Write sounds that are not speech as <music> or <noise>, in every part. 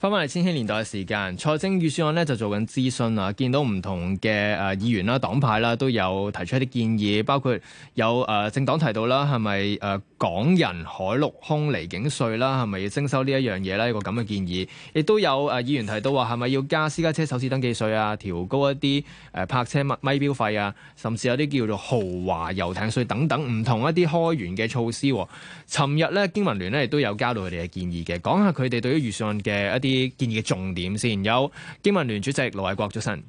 翻翻嚟千禧年代嘅時間，財政預算案咧就做緊諮詢啊，見到唔同嘅誒議員啦、黨派啦都有提出一啲建議，包括有誒政黨提到啦，係咪誒港人海陸空離境稅啦，係咪要徵收呢一樣嘢啦，一個咁嘅建議，亦都有誒議員提到話係咪要加私家車首次登記稅啊，調高一啲誒泊車咪錶費啊，甚至有啲叫做豪華遊艇稅等等唔同一啲開源嘅措施。尋日咧經民聯咧亦都有交到佢哋嘅建議嘅，講下佢哋對於預算案嘅一啲。啲建議嘅重點先，有經民聯主席盧偉國，早晨。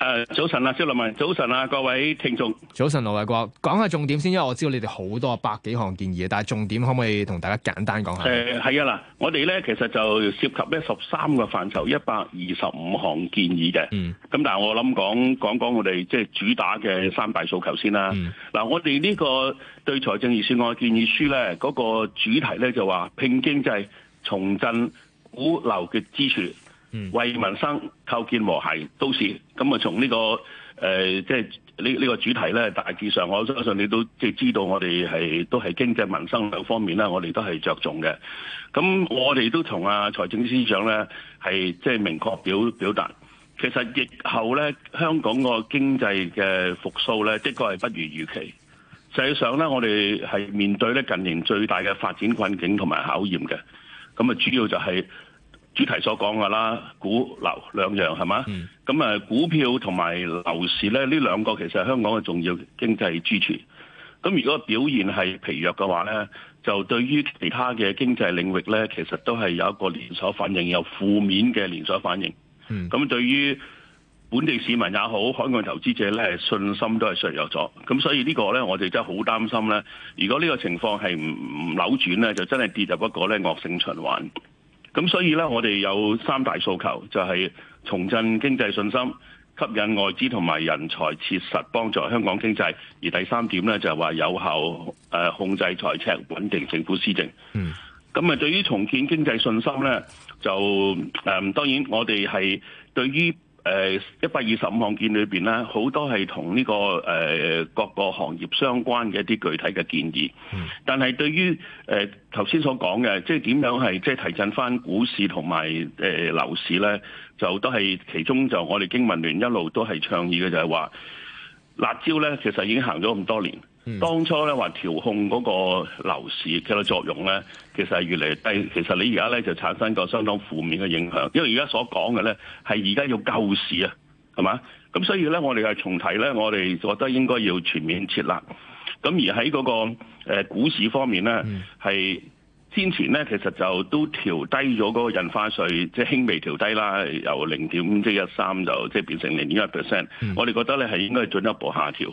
誒、啊，早晨啊，張立文，早晨啊，各位聽眾，早晨，盧偉國，講下重點先，因為我知道你哋好多百幾項建議，但係重點可唔可以同大家簡單講下？誒，係啊，嗱，我哋咧其實就涉及呢十三個範疇，一百二十五項建議嘅。嗯。咁但係我諗講講講我哋即係主打嘅三大訴求先啦。嗱，我哋呢個對財政預算案建議書咧，嗰個主題咧就話拼經濟，重振。鼓樓嘅支柱，為民生構建和諧都市。咁啊、這個，從呢個誒，即係呢呢個主題咧，大致上我相信你都即係知道我，我哋係都係經濟民生兩方面啦，我哋都係着重嘅。咁我哋都同啊財政司長咧，係即係明確表表達，其實疫後咧，香港個經濟嘅復甦咧，的確係不如預期。實際上咧，我哋係面對咧近年最大嘅發展困境同埋考驗嘅。咁啊，主要就係、是。主題所講嘅啦，股樓兩樣係嘛？咁誒、mm. 股票同埋樓市咧，呢兩個其實係香港嘅重要經濟支柱。咁如果表現係疲弱嘅話咧，就對於其他嘅經濟領域咧，其實都係有一個連鎖反應，有負面嘅連鎖反應。咁、mm. 對於本地市民也好，海外投資者咧，信心都係削弱咗。咁所以這個呢個咧，我哋真係好擔心咧。如果呢個情況係唔扭轉咧，就真係跌入一個咧惡性循環。咁所以咧，我哋有三大訴求，就係重振經濟信心，吸引外資同埋人才，切實幫助香港經濟。而第三點咧，就係話有效誒控制財赤，穩定政府施政。嗯。咁啊，對於重建經濟信心咧，就誒當然我哋係對於。誒一百二十五項建議裏面，咧、這個，好多係同呢個誒各個行業相關嘅一啲具體嘅建議。但係對於誒頭先所講嘅，即係點樣係即係提振翻股市同埋誒樓市咧，就都係其中就我哋經民聯一路都係倡議嘅，就係話辣招咧，其實已經行咗咁多年。嗯、當初咧話調控嗰個樓市嘅作用咧，其實係越嚟越低。其實你而家咧就產生個相當負面嘅影響，因為而家所講嘅咧係而家要救市啊，係嘛？咁所以咧，我哋係重提咧，我哋覺得應該要全面設立。咁而喺嗰、那個、呃、股市方面咧，係、嗯、先前咧其實就都調低咗嗰個印花稅，即係輕微調低啦，由零點五即一三就即變成零點一 percent。嗯、我哋覺得咧係應該進一步下調。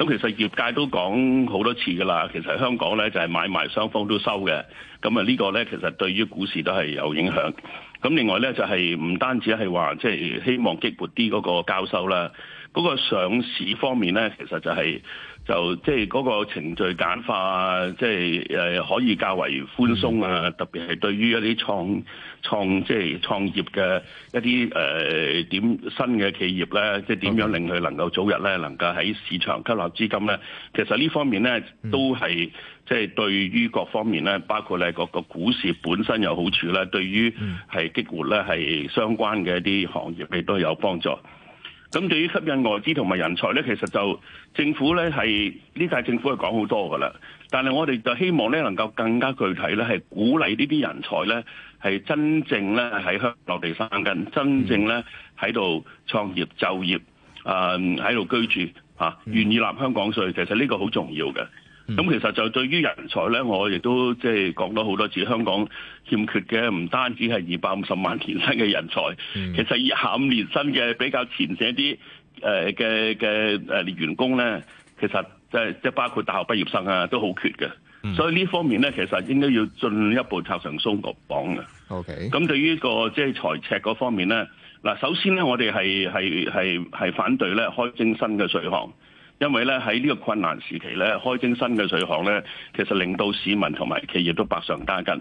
咁其實業界都講好多次㗎啦，其實香港咧就係買賣雙方都收嘅，咁啊呢個咧其實對於股市都係有影響。咁另外咧就係唔單止係話即係希望激活啲嗰個交收啦。嗰個上市方面咧，其實就係、是、就即係嗰個程序簡化，即、就、係、是呃、可以較為寬鬆啊。嗯、特別係對於一啲創創即係創業嘅一啲誒、呃、點新嘅企業咧，即係點樣令佢能夠早日咧能夠喺市場吸納資金咧。其實呢方面咧都係即係對於各方面咧，包括咧個股市本身有好處呢，對於係激活咧係相關嘅一啲行業亦都有幫助。咁對於吸引外資同埋人才呢，其實就政府呢，係呢屆政府係講好多噶啦，但係我哋就希望呢，能夠更加具體呢，係鼓勵呢啲人才呢，係真正呢喺香港落地生根，真正呢，喺度創業就業，呃、喺度居住啊，願意納香港稅，其實呢個好重要嘅。咁、嗯、其實就對於人才咧，我亦都即係講咗好多次，香港欠缺嘅唔單止係二百五十萬年薪嘅人才，嗯、其實以下五年薪嘅比較前線啲誒嘅嘅誒員工咧，其實即係即係包括大學畢業生啊，都好缺嘅。所以呢方面咧，其實應該要進一步拆牆鬆綁嘅。OK。咁對於個即係財赤嗰方面咧，嗱首先咧，我哋係係係係反對咧開徵新嘅稅項。因為咧喺呢個困難時期咧，開徵新嘅稅項咧，其實令到市民同埋企業都百上加斤。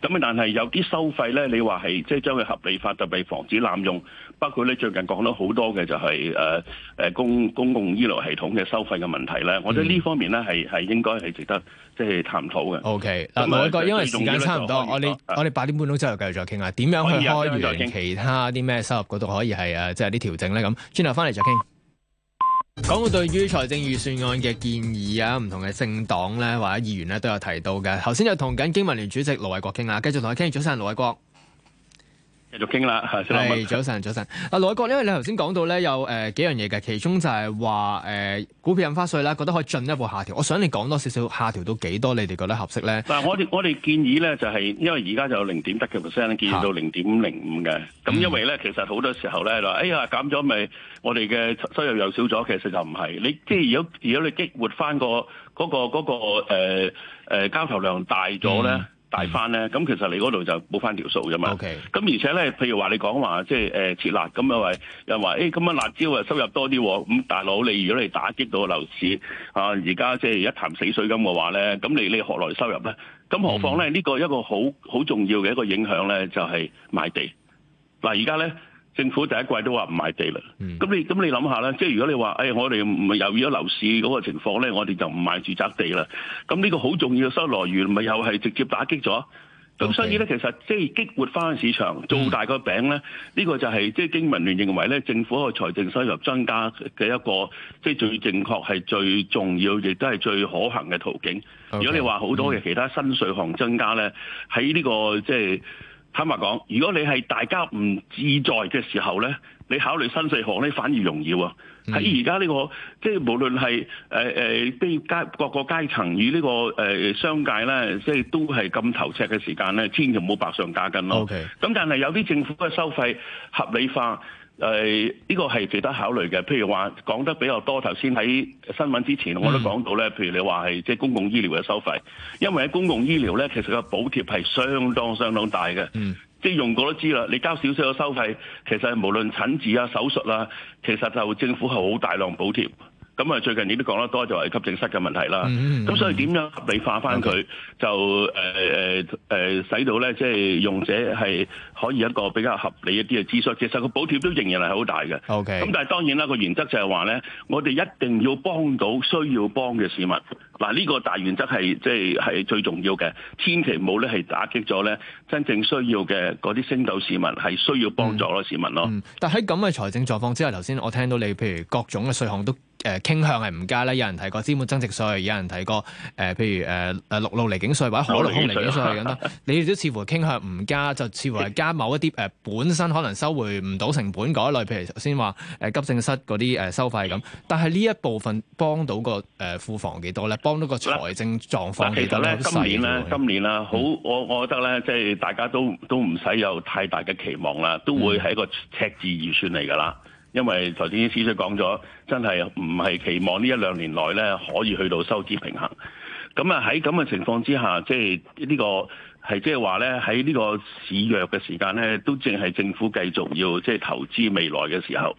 咁啊，但係有啲收費咧，你話係即係將佢合理化，特別防止濫用。包括咧最近講咗好多嘅就係誒誒公公共醫療系統嘅收費嘅問題咧。我覺得呢方面咧係係應該係值得即係探討嘅。O K，嗱，我覺得因為時間差唔多，我哋是我哋八點半鐘之後繼續再傾下點樣去開源其他啲咩收入嗰度可以係誒即係啲調整咧咁。轉頭翻嚟再傾。講到對於財政預算案的建議啊，唔同嘅政黨呢，或者議員呢都有提到嘅。頭先又同緊經民聯主席盧偉國傾下，繼續同佢傾。早晨，盧偉國。繼續傾啦，係，早晨，早晨。啊，盧偉國，因為你頭先講到咧，有誒、呃、幾樣嘢嘅，其中就係話誒股票印花稅啦，覺得可以進一步下調。我想你講多少少下調到幾多，你哋覺得合適咧？但我哋我哋建議咧，就係、是、因為而家就零點得嘅 percent，建議到零點零五嘅。咁、啊、因為咧，其實好多時候咧，話哎呀減咗咪我哋嘅收入又少咗，其實就唔係。你即係如果如果你激活翻、嗰個嗰、嗰個嗰、嗰個交投、嗰個呃呃、量大咗咧。嗯 <noise> 大翻咧，咁其實你嗰度就冇翻條數啫嘛。咁 Okay. 而且咧，譬如話你講話即係誒設辣，咁又話又話誒咁樣辣椒啊收入多啲，咁、嗯、大佬你如果你打擊到樓市啊，而家即係一潭死水咁嘅話咧，咁你你何來收入咧？咁何況咧呢 <noise> 個一個好好重要嘅一個影響咧，就係、是、買地。嗱而家咧。政府第一季都話唔賣地啦，咁、嗯、你咁你諗下咧，即、就、係、是、如果你話，誒、哎、我哋唔係由於咗樓市嗰個情況咧，我哋就唔賣住宅地啦，咁呢個好重要嘅收入來源，咪又係直接打擊咗。咁所以咧，其實即係激活翻市場，做大個餅咧，呢、嗯、個就係即係經民聯認為咧，政府個財政收入增加嘅一個，即、就、係、是、最正確係最重要，亦都係最可行嘅途徑。Okay. 如果你話好多嘅其他新稅項增加咧，喺呢、嗯這個即係、就是坦白講，如果你係大家唔自在嘅時候咧，你考慮新稅項咧，反而容易喎。喺而家呢個即係無論係誒誒各個階層與呢、這個誒、呃、商界咧，即係都係咁頭赤嘅時間咧，千祈唔好百上加斤咯。咁 Okay. 但係有啲政府嘅收費合理化。誒呢、呃這個係值得考慮嘅，譬如話講得比較多，頭先喺新聞之前我都講到咧，嗯、譬如你話係即係公共醫療嘅收費，因為喺公共醫療咧，其實個補貼係相當相當大嘅，嗯、即係用過都知啦，你交少少嘅收費，其實無論診治啊、手術啊，其實就政府係好大量補貼。咁啊，最近你都講得多，就係急症室嘅問題啦。咁、嗯嗯嗯、所以點樣合理化翻佢，Okay. 就誒誒、呃呃、使到咧，即係用者係可以一個比較合理一啲嘅支出。其實個補貼都仍然係好大嘅。O K。咁但係當然啦，個原則就係話咧，我哋一定要幫到需要幫嘅市民。嗱，呢個大原則係即係係最重要嘅。千祈冇咧係打擊咗咧真正需要嘅嗰啲星斗市民係需要幫助咯，市民咯、嗯嗯。但喺咁嘅財政狀況之下，頭先我聽到你譬如各種嘅稅項都。誒傾向係唔加咧，有人提過資本增值稅，有人提過誒，譬、呃、如誒誒、呃、陸路離境稅或者海陸空離境稅咁啦。你哋都似乎傾向唔加， <laughs> 就似乎係加某一啲誒、呃、本身可能收回唔到成本嗰一類，譬如頭先話誒急症室嗰啲誒收費咁。但係呢一部分幫到個誒、呃、庫房幾多咧？幫到個財政狀況幾多呢？嗱，其實咧今年咧今年啦，好我我覺得咧，即係大家都都唔使有太大嘅期望啦，都會係一個赤字預算嚟㗎啦。因為頭先司長講咗，真係唔係期望呢一兩年內咧可以去到收支平衡。咁啊喺咁嘅情況之下，即係呢個係即係話咧喺呢個市弱嘅時間咧，都正係政府繼續要即係、就是、投資未來嘅時候。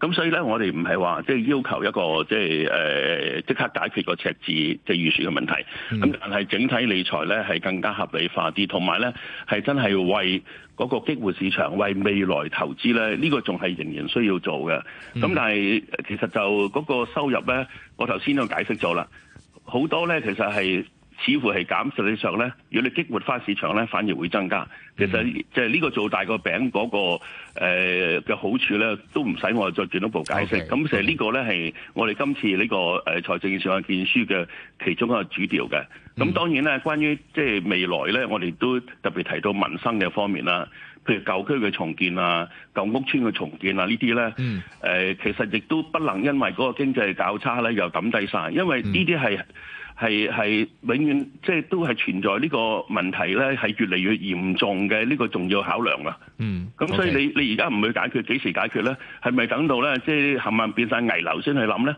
咁所以咧，我哋唔係話即係要求一個即係、呃、即刻解決個赤字即係、就是、預算嘅問題。咁、嗯、但係整體理財咧係更加合理化啲，同埋咧係真係為嗰個激活市場、為未來投資咧，呢、呢個仲係仍然需要做嘅。咁、嗯、但係其實就嗰個收入咧，我頭先都解釋咗啦，好多咧其實係。似乎係減，實際上咧，如果你激活翻市場咧，反而會增加。其實就係呢個做大個餅嗰、那個嘅、呃、好處咧，都唔使我再進一步解釋。咁 Okay. 其實呢個咧係我哋今次呢、這個誒、呃、財政上嘅建議書嘅其中一個主調嘅。咁、嗯、當然咧，關於即係未來咧，我哋都特別提到民生嘅方面啦。譬如舊區嘅重建啊，舊屋邨嘅重建啊，呢啲咧，誒、呃，其實亦都不能因為嗰個經濟較差咧，又抌低晒。因為呢啲係係係永遠即係都係存在呢個問題咧，係越嚟越嚴重嘅呢個重要考量啊。嗯，咁所以你 Okay. 你而家唔去解決，幾時解決咧？係咪等到咧，即係冚唪唥變曬危樓先去諗咧？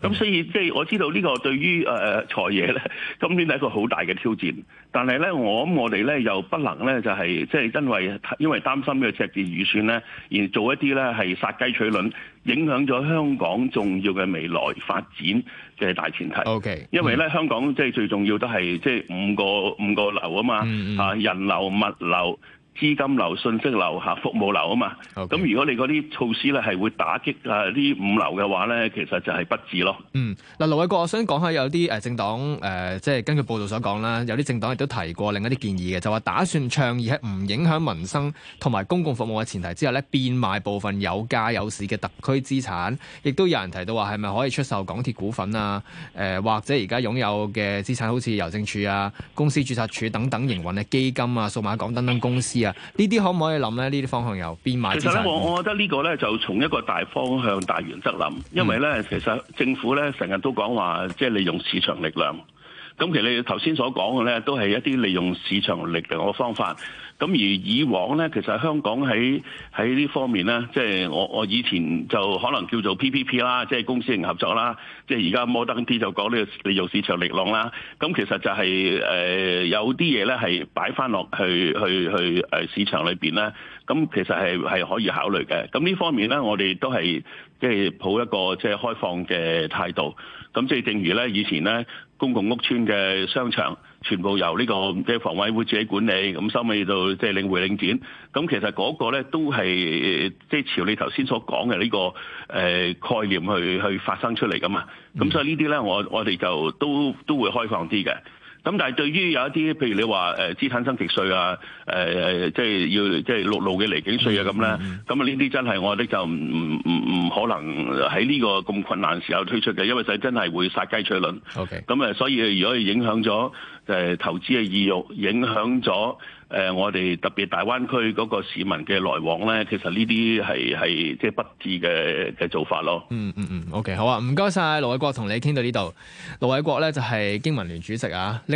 咁所以即係我知道呢個對於誒財爺咧，今年係一個好大嘅挑戰，但係咧，我諗我哋咧又不能咧就係即係因為因為擔心呢個赤字預算咧，而做一啲咧係殺雞取卵，影響咗香港重要嘅未來發展嘅大前提。O Okay , K，因為咧、嗯、香港即係最重要都係即係五個五個流啊嘛，嗯、啊人流物流。資金流、信息流、下服務流啊嘛，咁 Okay. 如果你嗰啲措施咧係會打擊啊呢五流嘅話咧，其實就係不智咯。嗯，嗱，盧偉國，我想講下有啲誒政黨誒、呃，即係根據報道所講啦，有啲政黨亦都提過另一啲建議嘅，就話打算倡議喺唔影響民生同埋公共服務嘅前提之下咧，變賣部分有價有市嘅特區資產，亦都有人提到話係咪可以出售港鐵股份啊？誒、呃，或者而家擁有嘅資產好似郵政署啊、公司註冊處等等營運嘅基金啊、數碼港等等公司啊。呢啲可唔可以諗咧？呢啲方向有變埋。其實咧，我我覺得呢個咧就從一個大方向、大原則諗，因為咧、嗯、其實政府咧成日都講話，即係利用市場力量。咁其實你頭先所講嘅咧，都係一啲利用市場力量嘅方法。咁而以往咧，其實香港喺喺呢方面咧，即係我我以前就可能叫做 PPP 啦，即係公私營合作啦，即係而家摩登啲就講呢個利用市場力量啦。咁其實就係誒有啲嘢咧係擺翻落去去去誒市場裏邊咧。咁其實係係可以考慮嘅。咁呢方面咧，我哋都係即係抱一個即係開放嘅態度。咁即係正如咧以前咧。公共屋邨嘅商場，全部由呢個即係房委會自己管理，咁收尾到即係領匯領展，咁其實嗰個咧都係即係朝你頭先所講嘅呢個誒、呃、概念去去發生出嚟噶嘛，咁所以呢啲咧我我哋就都都會開放啲嘅，咁但係對於有一啲譬如你話誒資產增值稅啊，誒、呃、即係要即係陸路嘅離境稅啊咁咧，咁啊呢啲真係我哋就唔嗯唔可能喺呢個咁困難時候推出嘅，因為真真係會殺雞取卵。OK，咁誒，所以如果影響咗誒、呃、投資嘅意欲，影響咗誒、呃、我哋特別大灣區嗰個市民嘅來往咧，其實呢啲係係即係不智嘅嘅做法咯。嗯嗯嗯，OK，好啊，唔該晒。盧偉國同你傾到呢度。盧偉國咧就係經民聯主席啊。